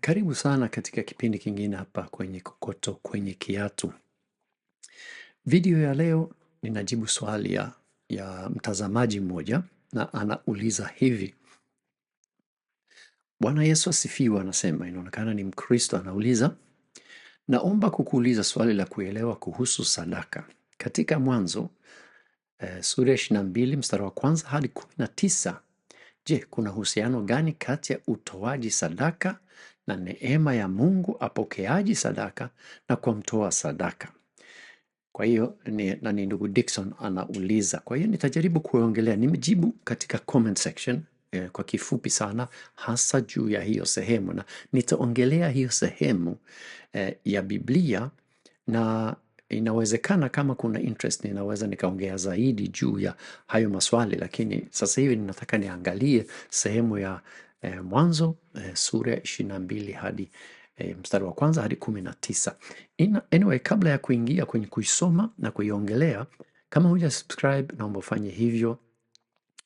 Karibu sana katika kipindi kingine hapa kwenye Kokoto Kwenye Kiatu. Video ya leo ninajibu swali ya, ya mtazamaji mmoja na anauliza hivi. Bwana Yesu asifiwa anasema, inaonekana ni Mkristo, anauliza, naomba kukuuliza swali la kuelewa kuhusu sadaka. Katika Mwanzo eh, sura ya 22 mstara wa kwanza hadi 19, je, kuna uhusiano gani kati ya utoaji sadaka na neema ya Mungu apokeaji sadaka na kwa mtoa sadaka. Kwa hiyo ni, na ni ndugu Dickson anauliza. Kwa hiyo nitajaribu kuongelea, nimejibu katika comment section eh, kwa kifupi sana, hasa juu ya hiyo sehemu, na nitaongelea hiyo sehemu eh, ya Biblia na inawezekana kama kuna interest ninaweza nikaongea zaidi juu ya hayo maswali, lakini sasa hivi ninataka niangalie sehemu ya e, Mwanzo e, sura ya ishirini na mbili hadi e, mstari wa kwanza hadi kumi na tisa. Anyway, kabla ya kuingia kwenye kuisoma na kuiongelea, kama huja subscribe naomba ufanye hivyo.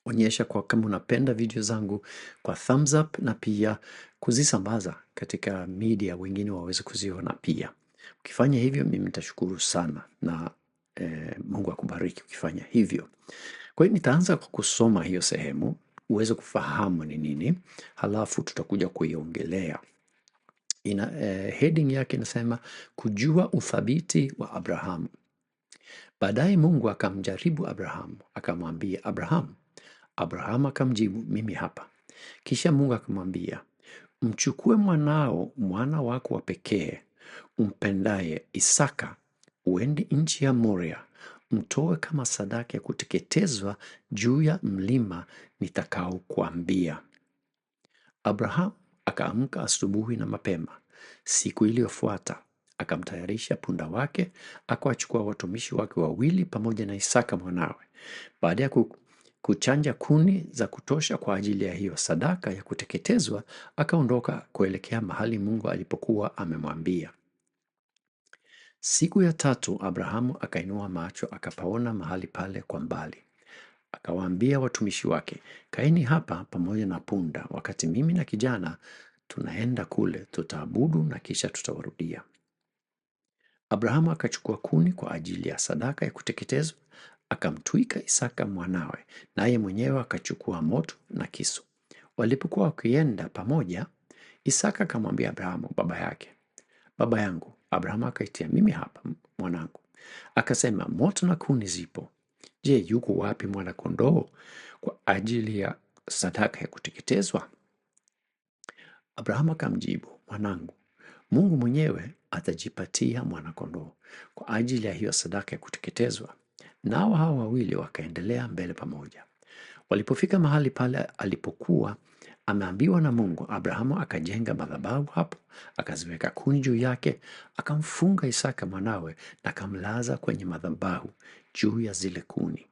Onyesha kwa kama unapenda video zangu kwa thumbs up, na pia kuzisambaza katika media wengine waweze kuziona pia. Ukifanya hivyo mimi nitashukuru sana na eh, Mungu akubariki ukifanya hivyo. Kwa hiyo nitaanza kwa kusoma hiyo sehemu uweze kufahamu ni nini, halafu tutakuja kuiongelea. Ina, eh, heading yake inasema kujua uthabiti wa Abrahamu. Baadaye Mungu akamjaribu Abrahamu, akamwambia Abrahamu. Abrahamu akamjibu, mimi hapa. Kisha Mungu akamwambia, mchukue mwanao, mwana wako wa pekee umpendaye, Isaka, uende nchi ya Moria mtoe kama sadaka ya kuteketezwa juu ya mlima nitakaokuambia. Abrahamu akaamka asubuhi na mapema. Siku iliyofuata akamtayarisha punda wake, akawachukua watumishi wake wawili pamoja na Isaka mwanawe. Baada ya kuchanja kuni za kutosha kwa ajili ya hiyo sadaka ya kuteketezwa, akaondoka kuelekea mahali Mungu alipokuwa amemwambia. Siku ya tatu Abrahamu akainua macho akapaona mahali pale kwa mbali. Akawaambia watumishi wake, kaeni hapa pamoja na punda, wakati mimi na kijana tunaenda kule, tutaabudu na kisha tutawarudia. Abrahamu akachukua kuni kwa ajili ya sadaka ya kuteketezwa, akamtwika Isaka mwanawe, naye mwenyewe akachukua moto na kisu. Walipokuwa wakienda pamoja, Isaka akamwambia Abrahamu baba yake, baba yangu. Abrahamu akaitia, mimi hapa mwanangu. Akasema, moto na kuni zipo. Je, yuko wapi mwana-kondoo kwa ajili ya sadaka ya kuteketezwa? Abrahamu akamjibu, mwanangu, Mungu mwenyewe atajipatia mwana-kondoo kwa ajili ya hiyo sadaka ya kuteketezwa. Nao hao wawili wakaendelea mbele pamoja. Walipofika mahali pale alipokuwa ameambiwa na Mungu. Abrahamu akajenga madhabahu hapo, akaziweka kuni juu yake, akamfunga Isaka mwanawe na akamlaza kwenye madhabahu juu ya zile kuni.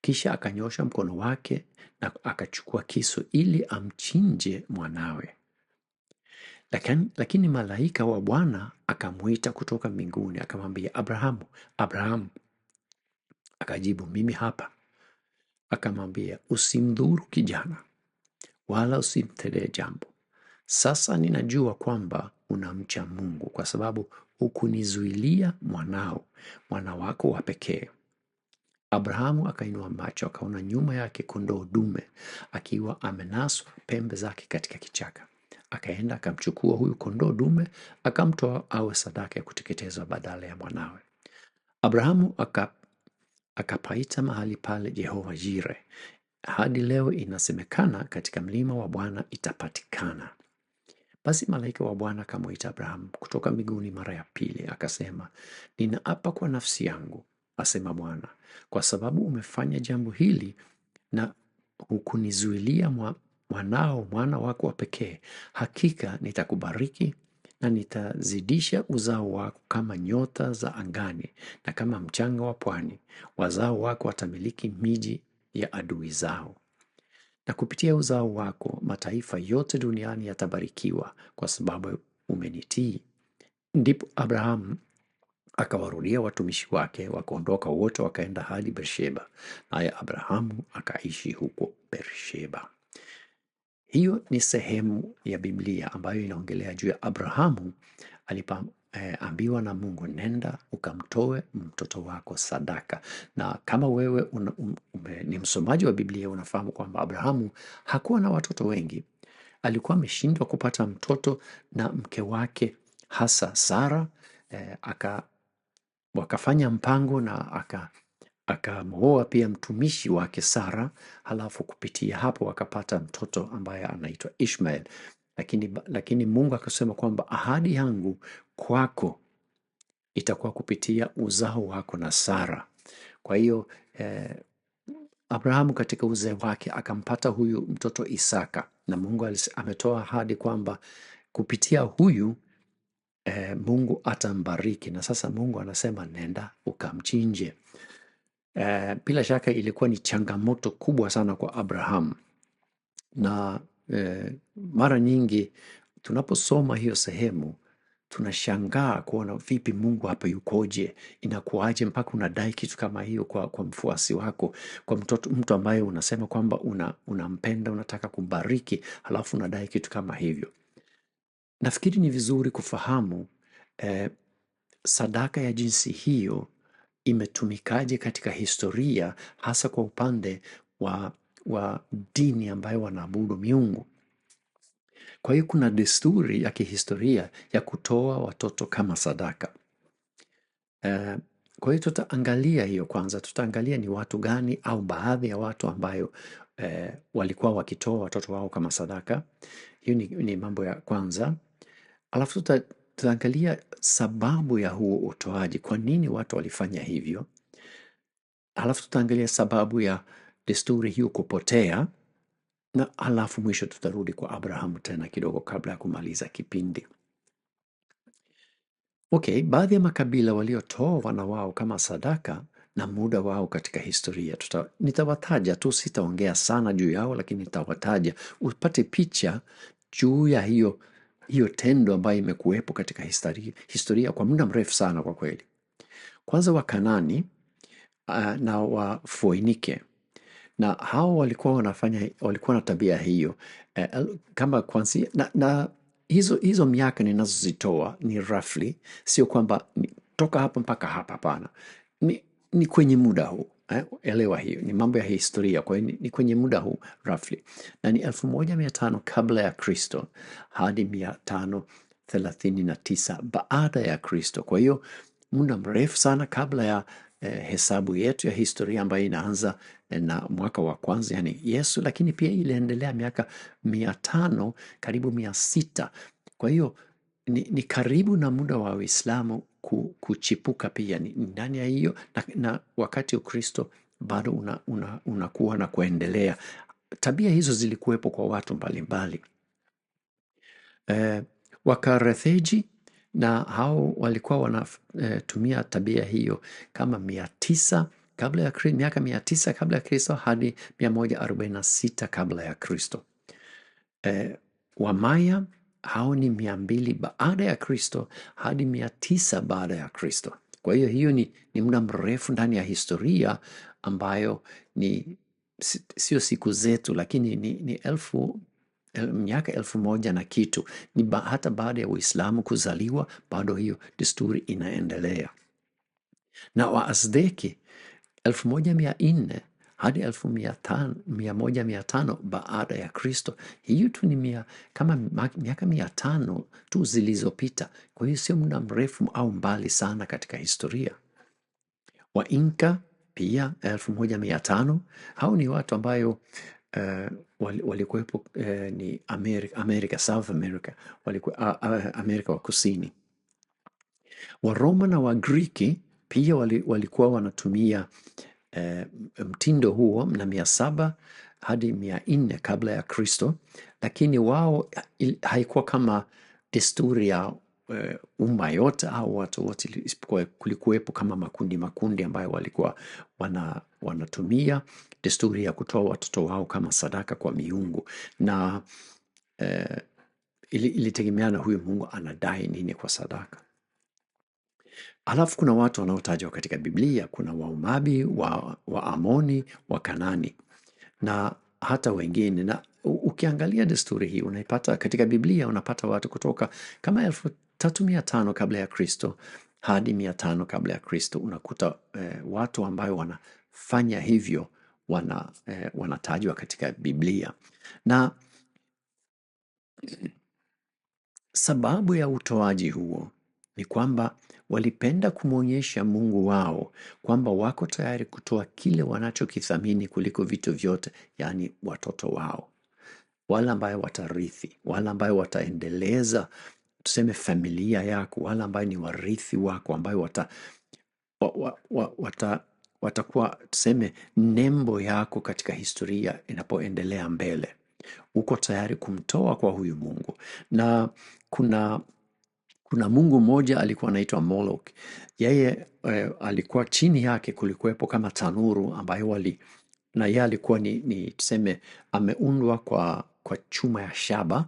Kisha akanyosha mkono wake na akachukua kisu ili amchinje mwanawe. Lakini, lakini malaika wa Bwana akamwita kutoka mbinguni akamwambia, Abrahamu, Abrahamu. Akajibu, mimi hapa. Akamwambia, usimdhuru kijana, wala usimtendee jambo. Sasa ninajua kwamba unamcha Mungu kwa sababu hukunizuilia mwanao, mwana wako wa pekee. Abrahamu akainua macho akaona nyuma yake kondoo dume akiwa amenaswa pembe zake katika kichaka. Akaenda akamchukua huyu kondoo dume akamtoa awe sadaka ya kuteketezwa badala ya mwanawe. Abrahamu akapaita mahali pale Jehova Jire, hadi leo inasemekana katika mlima wa Bwana itapatikana. Basi malaika wa Bwana akamwita Abrahamu kutoka mbinguni mara ya pili, akasema, ninaapa kwa nafsi yangu, asema Bwana, kwa sababu umefanya jambo hili na hukunizuilia mwanao, mwana wako wa pekee, hakika nitakubariki na nitazidisha uzao wako kama nyota za angani na kama mchanga wa pwani. Wazao wako watamiliki miji ya adui zao. Na kupitia uzao wako mataifa yote duniani yatabarikiwa kwa sababu umenitii. Ndipo Abrahamu akawarudia watumishi wake, wakaondoka wote wakaenda hadi Bersheba, naye Abrahamu akaishi huko Bersheba. Hiyo ni sehemu ya Biblia ambayo inaongelea juu ya Abrahamu eh, ambiwa na Mungu, nenda ukamtoe mtoto wako sadaka. Na kama wewe un, um, um, ni msomaji wa Biblia unafahamu kwamba Abrahamu hakuwa na watoto wengi, alikuwa ameshindwa kupata mtoto na mke wake hasa Sara eh, aka, wakafanya mpango na aka akamwoa pia mtumishi wake Sara, halafu kupitia hapo wakapata mtoto ambaye anaitwa Ishmael. Lakini, lakini Mungu akasema kwamba ahadi yangu kwako itakuwa kupitia uzao wako na Sara. Kwa hiyo eh, Abrahamu katika uzee wake akampata huyu mtoto Isaka, na Mungu ametoa ahadi kwamba kupitia huyu eh, Mungu atambariki. Na sasa Mungu anasema nenda ukamchinje. Eh, bila shaka ilikuwa ni changamoto kubwa sana kwa Abrahamu na eh, mara nyingi tunaposoma hiyo sehemu tunashangaa kuona vipi Mungu hapa yukoje, inakuaje mpaka unadai kitu kama hiyo kwa, kwa mfuasi wako, kwa mtoto, mtu ambaye unasema kwamba una, unampenda unataka kumbariki, halafu unadai kitu kama hivyo. Nafikiri ni vizuri kufahamu eh, sadaka ya jinsi hiyo imetumikaje katika historia, hasa kwa upande wa, wa dini ambayo wanaabudu miungu. Kwa hiyo kuna desturi ya kihistoria ya kutoa watoto kama sadaka. Uh, kwa hiyo tutaangalia hiyo kwanza, tutaangalia ni watu gani au baadhi ya watu ambayo eh, walikuwa wakitoa watoto wao kama sadaka. Hiyo ni, ni mambo ya kwanza. Alafu tuta, tutaangalia sababu ya huo utoaji, kwa nini watu walifanya hivyo. Alafu tutaangalia sababu ya desturi hiyo kupotea na alafu mwisho tutarudi kwa Abrahamu tena kidogo kabla ya kumaliza kipindi. Okay, baadhi ya makabila waliotoa wana wao kama sadaka na muda wao katika historia tuta, nitawataja tu, sitaongea sana juu yao, lakini nitawataja upate picha juu ya hiyo hiyo tendo ambayo imekuwepo katika historia, historia kwa muda mrefu sana kwa kweli. Kwanza Wakanani uh, ah, na Wafoinike na hao walikuwa wanafanya walikuwa na tabia hiyo eh, eh kama kwansi, na, na hizo hizo miaka ninazozitoa ni rafli sio kwamba toka hapa mpaka hapa, hapana. Ni, ni kwenye muda huu eh, elewa hiyo ni mambo ya historia. Kwa ni, ni kwenye muda huu roughly, na ni elfu moja mia tano kabla ya Kristo hadi mia tano thelathini na tisa baada ya Kristo. Kwa hiyo muda mrefu sana kabla ya eh, hesabu yetu ya historia ambayo inaanza eh, na mwaka wa kwanza yani Yesu, lakini pia iliendelea miaka mia tano karibu mia sita Kwa hiyo ni, ni karibu na muda wa Uislamu kuchipuka pia ni ndani ya hiyo na, na wakati Ukristo bado unakuwa una, una na kuendelea. Tabia hizo zilikuwepo kwa watu mbalimbali mbali. Eh, Wakaretheji na hao walikuwa wanatumia eh, e, tabia hiyo kama mia tisa kabla ya miaka mia tisa kabla ya Kristo hadi mia moja arobaini na sita kabla ya Kristo. E, Wamaya hao ni mia mbili baada ya Kristo hadi mia tisa baada ya Kristo. Kwa hiyo hiyo ni, ni muda mrefu ndani ya historia ambayo ni sio siku zetu, lakini ni, ni elfu miaka elfu moja na kitu ni ba, hata baada ya Uislamu kuzaliwa bado hiyo desturi inaendelea, na Waazdeki elfu moja mia nne hadi elfu mia moja mia tano baada ya Kristo. Hiyo tu ni mia, kama miaka mia tano tu zilizopita, kwa hiyo sio muda mrefu au mbali sana katika historia. Wainka pia elfu moja mia tano hao ni watu ambayo uh, walikuwepo uh, ni Amerika, Amerika, South America, walikuwa, uh, uh, Amerika wa Kusini. Waroma na Wagriki pia walikuwa wanatumia uh, mtindo huo na mia saba hadi mia nne kabla ya Kristo, lakini wao haikuwa kama desturi ya umma yote au watu wote, isipokuwa kulikuwepo kama makundi makundi ambayo walikuwa wana, wanatumia desturi ya kutoa watoto wao kama sadaka kwa miungu na eh, ilitegemea na huyu Mungu anadai nini kwa sadaka. Alafu kuna watu wanaotajwa katika Biblia, kuna Waumabi wa, wa Amoni wa Kanani na hata wengine, na ukiangalia desturi hii unaipata katika Biblia, unapata watu kutoka kama elfu tatu mia tano kabla ya Kristo hadi mia tano kabla ya Kristo. Unakuta eh, watu ambayo wanafanya hivyo wana, eh, wanatajwa katika Biblia na sababu ya utoaji huo ni kwamba walipenda kumwonyesha Mungu wao kwamba wako tayari kutoa kile wanachokithamini kuliko vitu vyote, yaani watoto wao, wale ambayo watarithi, wale ambayo wataendeleza, tuseme familia yako, wale ambayo ni warithi wako, ambayo wata, wa, wa, wa, wata watakuwa tuseme nembo yako katika historia inapoendelea mbele. Uko tayari kumtoa kwa huyu Mungu, na kuna kuna mungu mmoja alikuwa anaitwa Moloch. Yeye eh, alikuwa chini yake kulikuwepo kama tanuru ambayo wali na yeye alikuwa ni, ni tuseme ameundwa kwa, kwa chuma ya shaba.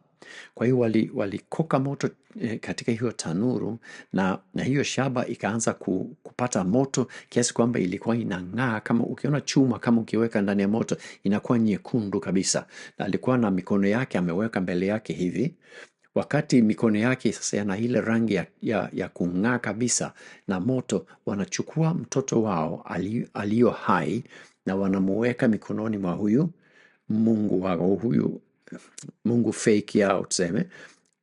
Kwa hiyo walikoka wali moto eh, katika hiyo tanuru na, na hiyo shaba ikaanza ku, inapata moto kiasi kwamba ilikuwa inang'aa, kama ukiona chuma, kama ukiweka ndani ya moto inakuwa nyekundu kabisa, na alikuwa na mikono yake ameweka mbele yake hivi wakati mikono yake sasa yana ile rangi ya, ya, ya kung'aa kabisa na moto, wanachukua mtoto wao aliyo hai na wanamuweka mikononi mwa huyu mungu wao, huyu mungu fake yao tuseme,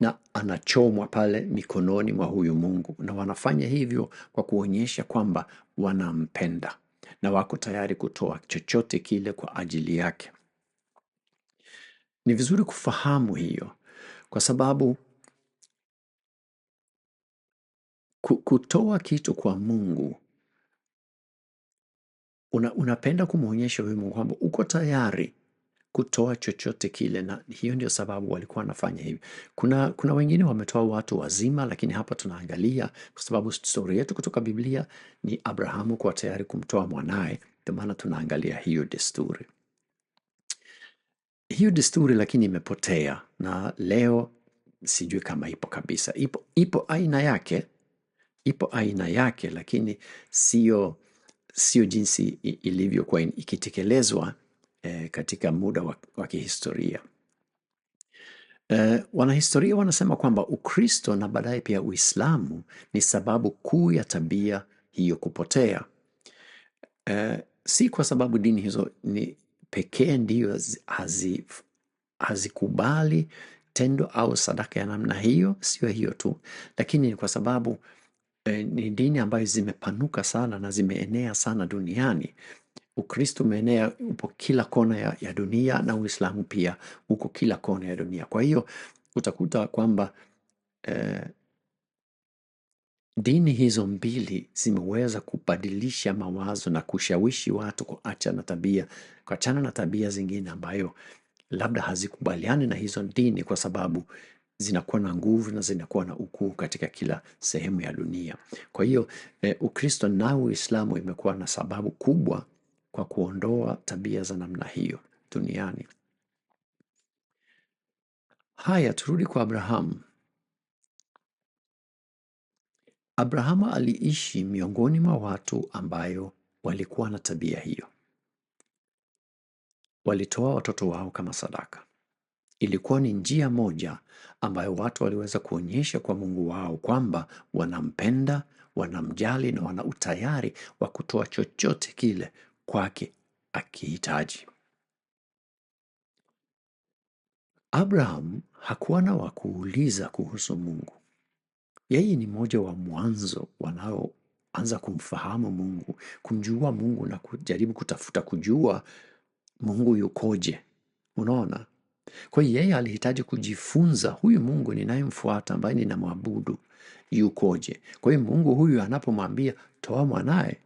na anachomwa pale mikononi mwa huyu Mungu, na wanafanya hivyo kwa kuonyesha kwamba wanampenda na wako tayari kutoa chochote kile kwa ajili yake. Ni vizuri kufahamu hiyo kwa sababu kutoa kitu kwa Mungu una, unapenda kumwonyesha huyu Mungu kwamba uko tayari kutoa chochote kile, na hiyo ndio sababu walikuwa wanafanya hivi. Kuna, kuna wengine wametoa watu wazima, lakini hapa tunaangalia kwa sababu stori yetu kutoka Biblia ni Abrahamu kuwa tayari kumtoa mwanaye, ndio maana tunaangalia hiyo desturi hiyo desturi lakini imepotea na leo sijui kama ipo kabisa. Ipo, ipo aina yake, ipo aina yake, lakini sio sio jinsi ilivyokuwa ikitekelezwa eh, katika muda wa kihistoria. Eh, wanahistoria wanasema kwamba Ukristo na baadaye pia Uislamu ni sababu kuu ya tabia hiyo kupotea. Eh, si kwa sababu dini hizo ni pekee ndiyo hazikubali hazi tendo au sadaka ya namna hiyo, sio hiyo tu, lakini ni kwa sababu eh, ni dini ambayo zimepanuka sana na zimeenea sana duniani Ukristo umeenea, upo kila kona ya, ya dunia na Uislamu pia uko kila kona ya dunia. Kwa hiyo utakuta kwamba eh, dini hizo mbili zimeweza kubadilisha mawazo na kushawishi watu kuacha na tabia, kuachana na tabia zingine ambayo labda hazikubaliani na hizo dini, kwa sababu zinakuwa na nguvu na zinakuwa na ukuu katika kila sehemu ya dunia. Kwa hiyo eh, Ukristo na Uislamu imekuwa na sababu kubwa kwa kuondoa tabia za namna hiyo duniani. Haya, turudi kwa Abrahamu. Abrahamu aliishi miongoni mwa watu ambayo walikuwa na tabia hiyo. Walitoa watoto wao kama sadaka. Ilikuwa ni njia moja ambayo watu waliweza kuonyesha kwa Mungu wao kwamba wanampenda, wanamjali na wana utayari wa kutoa chochote kile kwake akihitaji. Abraham hakuwa na wa kuuliza kuhusu Mungu. Yeye ni mmoja wa mwanzo wanaoanza kumfahamu Mungu, kumjua Mungu na kujaribu kutafuta kujua Mungu yukoje. Unaona? Kwa hiyo yeye alihitaji kujifunza huyu Mungu ninayemfuata ambaye ninamwabudu yukoje. Kwa hiyo Mungu huyu anapomwambia toa mwanaye,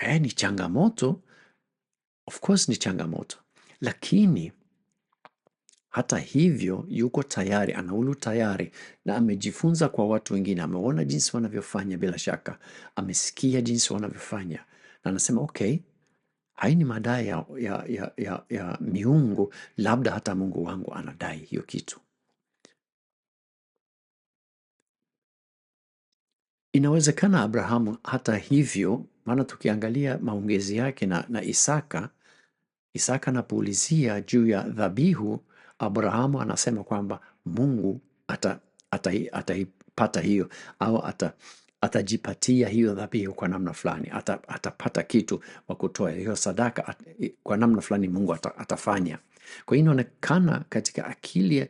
Eh, ni changamoto. Of course ni changamoto. Lakini hata hivyo yuko tayari, anaulu tayari na amejifunza kwa watu wengine, ameona jinsi wanavyofanya bila shaka, amesikia jinsi wanavyofanya na anasema ok hai ni madai ya, ya, ya, ya, ya miungu, labda hata Mungu wangu anadai hiyo kitu. Inawezekana Abrahamu hata hivyo maana tukiangalia maongezi yake na, na Isaka, Isaka anapoulizia juu ya dhabihu, Abrahamu anasema kwamba Mungu ata, ata, ataipata hiyo au ata, atajipatia hiyo dhabihu kwa namna fulani, ata, atapata kitu wa kutoa hiyo sadaka at, kwa namna fulani Mungu ata, atafanya. Kwa hiyo inaonekana katika akili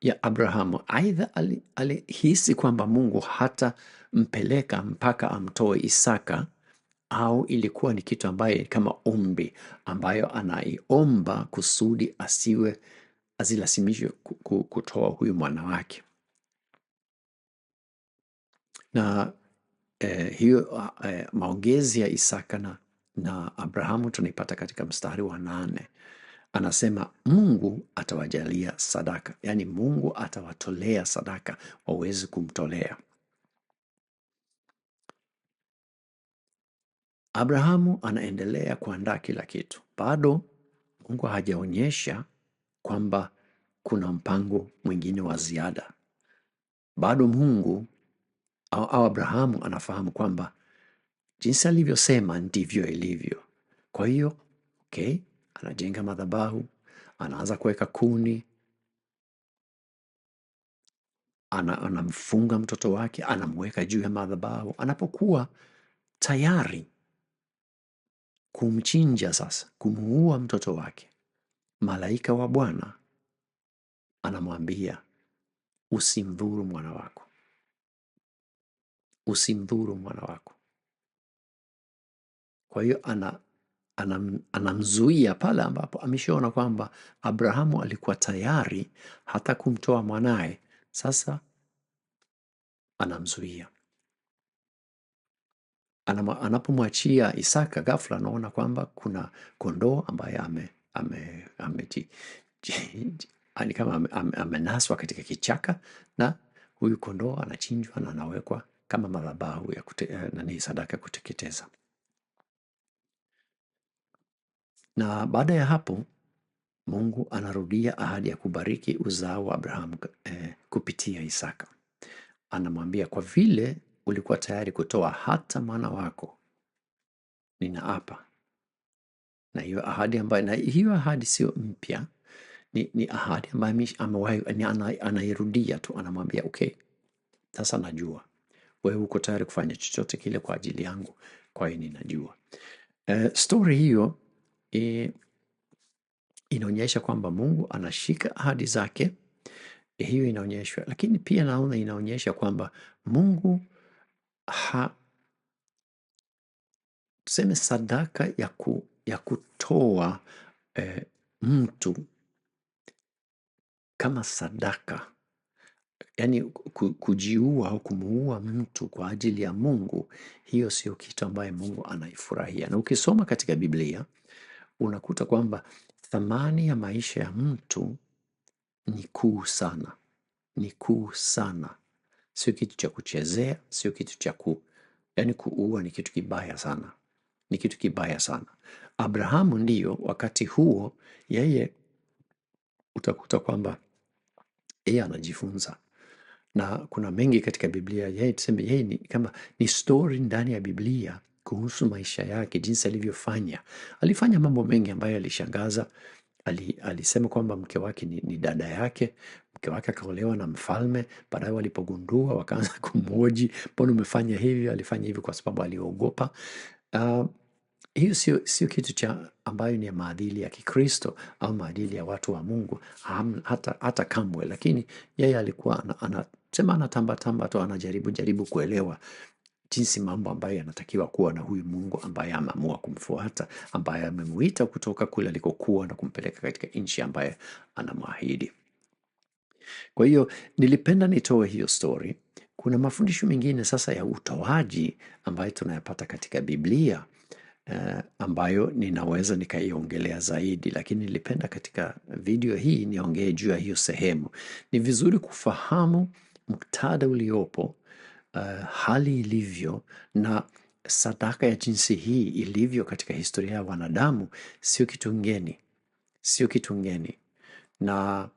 ya Abrahamu aidha alihisi ali kwamba Mungu hata mpeleka mpaka amtoe Isaka au ilikuwa ni kitu ambaye kama ombi ambayo anaiomba kusudi asiwe azilazimishwe kutoa huyu mwanawake na eh, hiyo eh, maongezi ya Isaka na, na Abrahamu tunaipata katika mstari wa nane anasema Mungu atawajalia sadaka, yaani Mungu atawatolea sadaka wawezi kumtolea. Abrahamu anaendelea kuandaa kila kitu. Bado Mungu hajaonyesha kwamba kuna mpango mwingine wa ziada. Bado Mungu au, au Abrahamu anafahamu kwamba jinsi alivyosema ndivyo ilivyo. Kwa hiyo okay, anajenga madhabahu, anaanza kuweka kuni, ana, anamfunga mtoto wake, anamweka juu ya madhabahu. Anapokuwa tayari kumchinja sasa, kumuua mtoto wake. Malaika wa Bwana anamwambia usimdhuru mwana wako, usimdhuru mwana wako. Kwa hiyo ana anam, anamzuia pale ambapo ameshaona kwamba Abrahamu alikuwa tayari hata kumtoa mwanaye, sasa anamzuia. Anapomwachia Isaka ghafla anaona kwamba kuna kondoo ambaye ame, ame, ame, ani kama amenaswa ame, katika kichaka na huyu kondoo anachinjwa na anawekwa kama madhabahu ya kute, eh, nani sadaka kuteketeza. Na baada ya hapo Mungu anarudia ahadi ya kubariki uzao wa Abrahamu eh, kupitia Isaka. Anamwambia kwa vile ulikuwa tayari kutoa hata mwana wako, ninaapa. Na hiyo ahadi ambayo, na hiyo ahadi sio mpya, ni, ni ahadi ambayo anairudia tu, anamwambia okay, sasa najua wewe uko tayari kufanya chochote kile kwa ajili yangu, kwa hiyo ninajua. Uh, eh, stori hiyo e, inaonyesha kwamba Mungu anashika ahadi zake. Hiyo inaonyeshwa, lakini pia naona inaonyesha kwamba Mungu ha, tuseme sadaka ya, ku, ya kutoa e, mtu kama sadaka yaani kujiua au kumuua mtu kwa ajili ya Mungu, hiyo sio kitu ambaye Mungu anaifurahia. Na ukisoma katika Biblia unakuta kwamba thamani ya maisha ya mtu ni kuu sana, ni kuu sana sio kitu cha kuchezea, sio kitu cha ku yani, kuua ni kitu kibaya sana, ni kitu kibaya sana. Abrahamu ndiyo wakati huo yeye utakuta kwamba yeye anajifunza na kuna mengi katika Biblia. Yeye tuseme yeye ni kama ni stori ndani ya Biblia kuhusu maisha yake, jinsi alivyofanya. Alifanya mambo mengi ambayo alishangaza Ali, alisema kwamba mke wake ni, ni dada yake, mke wake akaolewa na mfalme. Baadaye walipogundua wakaanza kumhoji, mbona umefanya hivyo Alifanya hivyo kwa sababu aliogopa. Uh, hiyo sio, sio kitu cha ambayo ni ya maadili ya Kikristo au maadili ya watu wa Mungu Ham, hata, hata kamwe, lakini yeye alikuwa anasema ana, anatambatamba tu anajaribu jaribu kuelewa jinsi mambo ambayo yanatakiwa kuwa na huyu Mungu ambaye ameamua kumfuata, ambaye amemuita kutoka kule alikokuwa na kumpeleka katika nchi ambaye anamwahidi. Kwa hiyo nilipenda nitoe hiyo story. Kuna mafundisho mengine sasa ya utoaji ambayo tunayapata katika Biblia uh, ambayo ninaweza nikaiongelea zaidi, lakini nilipenda katika video hii niongee juu ya hiyo sehemu. Ni vizuri kufahamu mktada uliopo, uh, hali ilivyo na sadaka ya jinsi hii ilivyo katika historia ya wanadamu, sio kitu ngeni, sio kitu ngeni na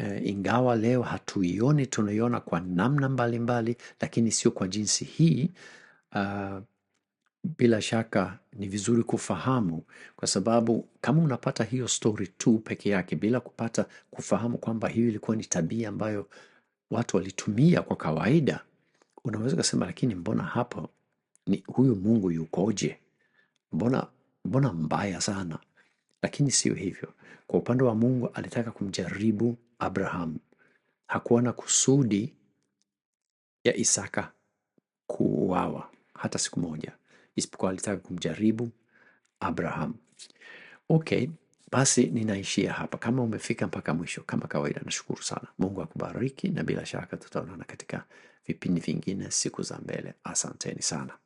e, ingawa leo hatuioni, tunaiona kwa namna mbalimbali mbali, lakini sio kwa jinsi hii. Uh, bila shaka ni vizuri kufahamu, kwa sababu kama unapata hiyo story tu peke yake bila kupata kufahamu kwamba hiyo ilikuwa ni tabia ambayo watu walitumia kwa kawaida, unaweza ukasema, lakini mbona hapo ni huyu Mungu yukoje? Mbona, mbona mbaya sana? Lakini sio hivyo. Kwa upande wa Mungu, alitaka kumjaribu Abraham. Hakuwa na kusudi ya Isaka kuuawa hata siku moja, isipokuwa alitaka kumjaribu Abraham. Okay, basi ninaishia hapa. Kama umefika mpaka mwisho, kama kawaida, nashukuru sana. Mungu akubariki, na bila shaka tutaonana katika vipindi vingine siku za mbele. Asanteni sana.